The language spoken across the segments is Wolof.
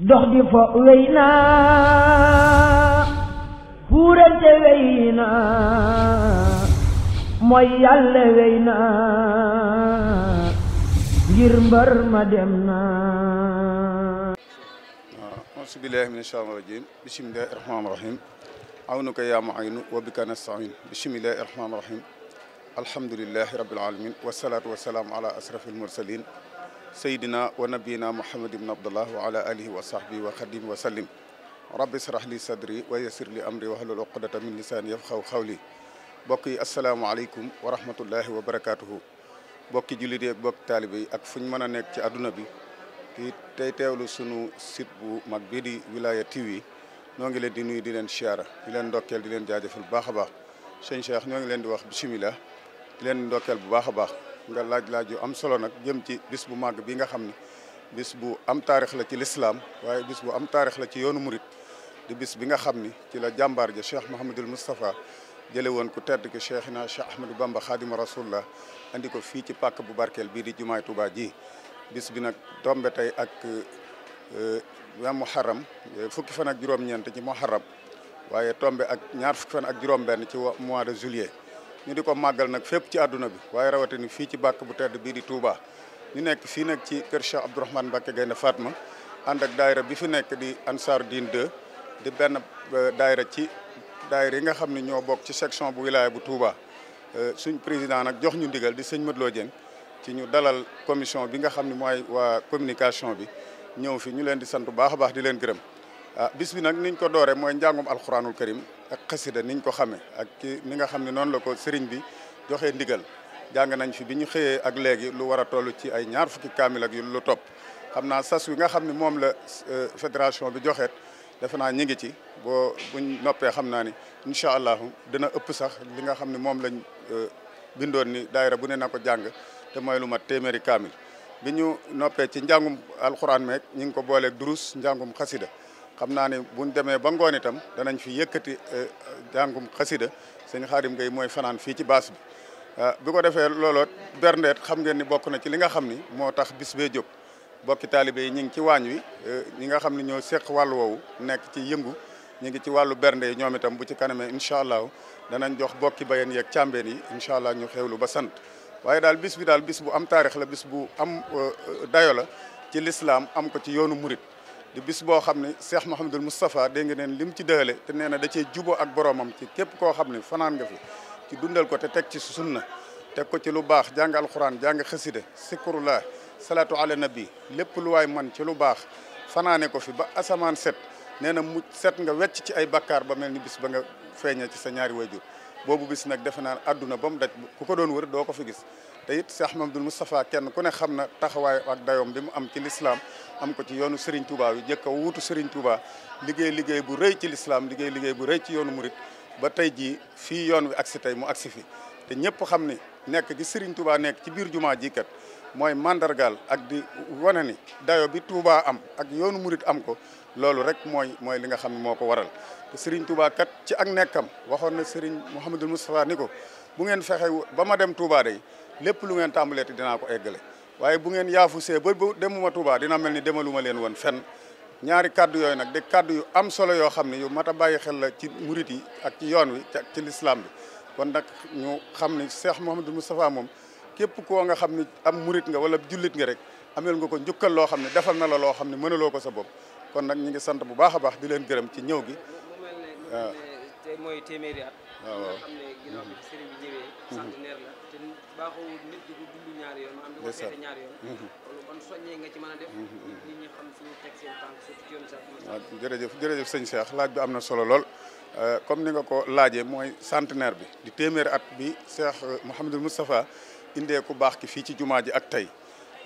dox di fo wey naa puurante wey naa mooy yàlla wey naa ma dem naa auzu billaahi mina shaytaani rajiim bismillaahi rahmaani rahiim aw nu ko yaa ma aynu wa bika nasta'iin bismillaahi rahmaani rahiim alhamdulilahi rabbil alamin wasalaatu wasalaam ala asrafil mursalin sayidina wa nabiyina muhammad ibn abdullah wa ala alihi wa sahbihi wa xadim wa sallim rabbi israh li sadri wa yassir li amri wahlul uqdata min lisaani xaw li mbokk yi asalaamaaleykum wa rahmatullahi wa barakaatuhu bokki jullit yi ak bokki taalibe yi ak fu ñu mën a nekk ci àdduna bi kii tey teewlu sunu site bu mag bii di Wilaya TV ñoo ngi leen di nuyu di leen siyaara di leen ndokkeel di leen jaajëfal baax a baax sëñ Cheikh ñoo ngi leen di wax bisimilah leen ndokkeel bu baax a baax nga laaj laaj yu am solo nag jëm ci bis bu màgg bi nga xam ne bis bu am taarix la ci lislaam waaye bis bu am taarix la ci yoonu murit di bis bi nga xam ni ci la jàmbaar ja Cheikh Mouhamadul Moustapha jële woon ku tedd ki Cheikhina Cheikh Ahmadou Bamba Khadima Rasulullah andi ko fii ci pak bu barkeel bii di jumaay Tuubaa ji bis bi nag tombe tey ak euh, wa muharram fukki fan ak juróom-ñeent ci muharram waaye tombe ak ñaar fukki fan ak juróom benn ci mois de juillet ñu di ko màggal nag fépp ci adduna bi waaye rawatina fii ci bàkk bu tedd bii di Touba. ñu nekk fii nag ci kër Cheikh Abdourahmane Mbacké Gaynde Fatma ànd ak daayira bi fi nekk di Ansar Dine 2 di benn euh, daayira ci daayira yi nga xam ne ñoo bokk ci section bu wilaya bu Touba. Euh, suñ président nag jox ñu ndigal di sëñ Modou Lo ci ñu dalal commission bi nga xam ne mooy waa communication bi ñëw fi ñu leen di sant baax a baax di leen gërëm ah bis bi nag niñ ko dooree mooy njàngum alxuraanul karim ak xasida niñ ko xamee ak ki ni nga xam ne noonu la ko sëriñ bi joxe ndigal jàng nañ fi bi ñu xëyee ak léegi lu war a toll ci ay ñaar fukki kaamil ak yu lu topp xam naa sas wi nga xam ne moom la euh, fédération bi joxeet defe naa ñu ngi ci boo buñ noppee xam naa ni incha allahu dina ëpp sax li nga xam ne moom lañ euh, bindoon ni daayira bu ne na ko jàng te mooy lu mat téeméeri kaamil bi ñu noppee ci njàngum alxuraan meek ñu ngi ko booleeg durus njàngum xasida xam naa ne buñ demee ba ngoon itam danañ fi yëkkati eh, eh, jàngum xasida seen Xaadim Gay mooy fanaan fii ci baas bi ah, bu ko defee looloo berndeet xam ngeen ni bokk na ci li nga xam ni moo tax bis bee jóg bokki taalibe yi ñu ngi ci waañ wi eh, ñi nga xam ne ñoo seq wàllu woowu nekk ci yëngu ñu ngi ci wàllu bernde yi ñoom itam bu ci kanamee incha allah danañ jox bokki bayen yeeg càmbeen yi incha allah ñu xewlu ba sant waaye daal bis bi daal bis bu am taarix la bis bu am dayo la ci lislaam am ko ci yoonu murit di bis boo xam ne Cheikh Mouhamadul Moustapha dégg nga neen lim ci dëhale te nee na da cee juboo ak boromam ci képp koo xam ne fanaan nga fi ci dundal ko te teg ci na teg ko ci lu baax jàng alxuraan jàng xasida sikurullah salaatu ala nabi lépp lu waay man ci lu baax fanaane ko fi ba asamaan set nee na mu set nga wecc ci ay bakkaar ba mel ni bis ba nga feeñee ci sa ñaari waajur boobu bis nag defe naan àdduna ba mu daj ku ko doon wër doo ko fi gis te it Cheikh Mamadou Moustapha kenn ku ne xam na taxawaay ak dayoom bi mu am ci lislaam am ko ci yoonu Serigne Touba bi njëkk a wuutu Serigne Touba liggéey liggéey bu rey ci lislaam liggéey liggéey bu rey ci yoonu murit ba tey jii fii yoon wi agsi tey mu agsi fi te ñëpp xam ni nekk gi Serigne Touba nekk ci biir jumaa ji kat mooy mandargaal ak di wane ni dayo bi Touba am ak yoonu murit am ko loolu rek mooy mooy li nga xam moo ko waral te Serigne Touba kat ci ak nekkam waxoon na Serigne Mouhamadul Moustapha ni ko bu ngeen fexe ba ma dem Touba day lépp lu ngeen tàmbaleeti dinaa ko eggale waaye bu ngeen yaafu see ba ba demuma Touba dina mel ni demaluma leen woon fenn ñaari kaddu yooyu nag de kaddu yu am solo yoo xam ne yu mat a bàyyi xel la ci murit yi ak yoon wi ci lislaam bi kon nag ñu xam ni Cheikh Mouhamadul Moustapha moom képp koo nga xam ne am murit nga wala jullit nga rek amel nga ko njukkal loo xam ne defal na la loo xam ne mënaloo ko sa bopp kon nag ñu ngi sant bu baax baax di leen gërëm ci ñëw gi waaw nga jërëjëf jërëjëf laaj bi am na solo lool euh, comme ni nga ko laajee mooy centenaire bi di téeméeri at bi Cheikh Mouhamadul Moustapha indee ku baax ki fii ci jumaa ji ak tey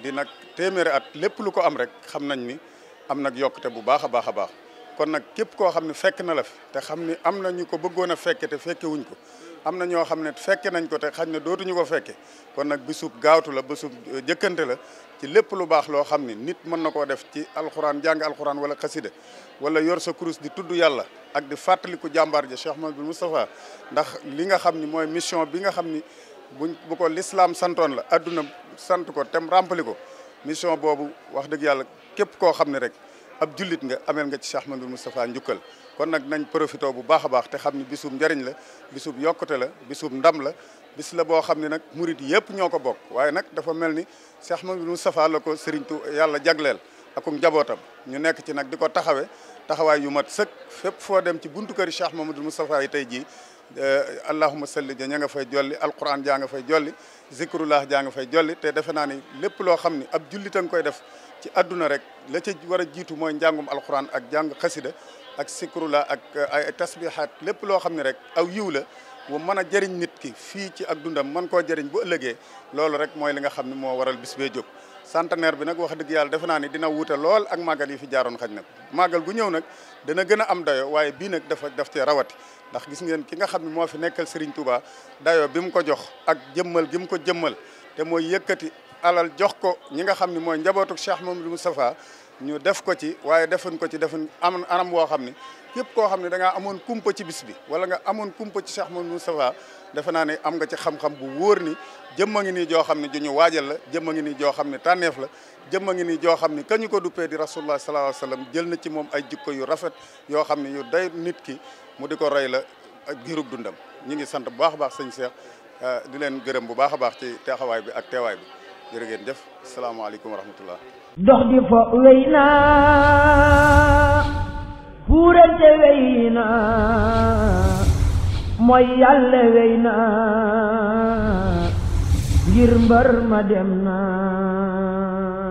di nag téeméeri at lépp lu ko am rek xam nañ ni am nag yokkute bu baax a baax a baax kon nag képp koo xam ne fekk na la fi te xam ni am na ñu ko bëggoon a fekke te fekke wuñ ko am na ñoo xam ne fekke nañ ko te xañ na dootuñu ko fekke kon nag bisub gaawtu la bisub euh, jëkkante la ci lépp lu baax loo xam ni nit mën na koo def ci alxuraan jàng alxuraan wala xasida wala yor sa kurus di tudd yàlla ak di fàttaliku jàmbaar ja Cheikh Mouhamadou Moustapha ndax li nga xam ni mooy mission bi nga xam ni buñ bu ko lislaam santoon la adduna sant ko tem ràmpali ko mission boobu wax dëgg yàlla képp koo xam ne rek ab jullit nga ameel nga ci Cheikh Ahmadou Moustapha njukkal kon nag nañ profité bu baax a baax te xam ni bisub njariñ la bisub yokkute la bisub ndam la bis la boo xam ne nag murit yëpp ñoo ko bokk waaye nag dafa mel ni Cheikh Ahmadou Moustapha la ko Serigne yàlla jagleel akum njabootam ñu nekk ci nag di ko taxawe taxawaay yu mat sëkk fépp foo dem ci buntu këri Cheikh Mamadou Moustapha yi tey jii Eh, allahuma salli ja ña nga fay jolli alquran jaa nga fay jolli zikrullah jaa nga fay jolli te defe naa ni lépp loo xam ni ab jullit a nga koy def ci àdduna rek la ca war a jiitu mooy njàngum alquran ak jàng xasida ak zikrullah ak eh, ay tasbihat lépp loo xam ne rek aw yiw la bu mën a jëriñ nit ki fii ci ak dundam mën koo jëriñ bu ëllëgee loolu rek mooy li nga xam ne moo waral bis bee jóg centenaire bi nag wax dëgg yàlla defe naa ni dina wuute lool ak màggal yi fi jaaroon xaj nag màggal gu ñëw nag dana gën a am dayo waaye bii dafa daf cee rawati ndax gis ngeen ki nga xam ne moo fi nekkal Serigne Touba dayo bi mu ko jox ak jëmmal gi ko jëmmal te mooy yëkkati alal jox ko ñi nga xam ni mooy njabootuk Cheikh Mamadou Moustapha ñu def ko ci waaye defuñ ko ci defuñ am anam woo xam ne képp koo xam ne da amoon kumpa ci bis bi wala nga amoon kumpa ci Cheikh Mouhamadou Moustapha defe naa ni am nga ci xam-xam bu wóor ni jëmm a ngi nii joo xam ne ju waajal la jëmm a ngi nii joo xam ne tànneef la jëmm a ngi joo xam ne kañu ko duppee di rasulullah sallallahu alayhi wasallam jël na ci moom ay jikko yu rafet yoo xam ne yu day nit ki mu di ko roy la ak giirub dundam ñu ngi sant bu baax a baax sëñ Cheikh di leen gërëm bu baax a baax ci teexawaay bi ak teewaay bi jërë ngeen di fo wéy na puurante wéy mooy yàlla wéy na ngir mbër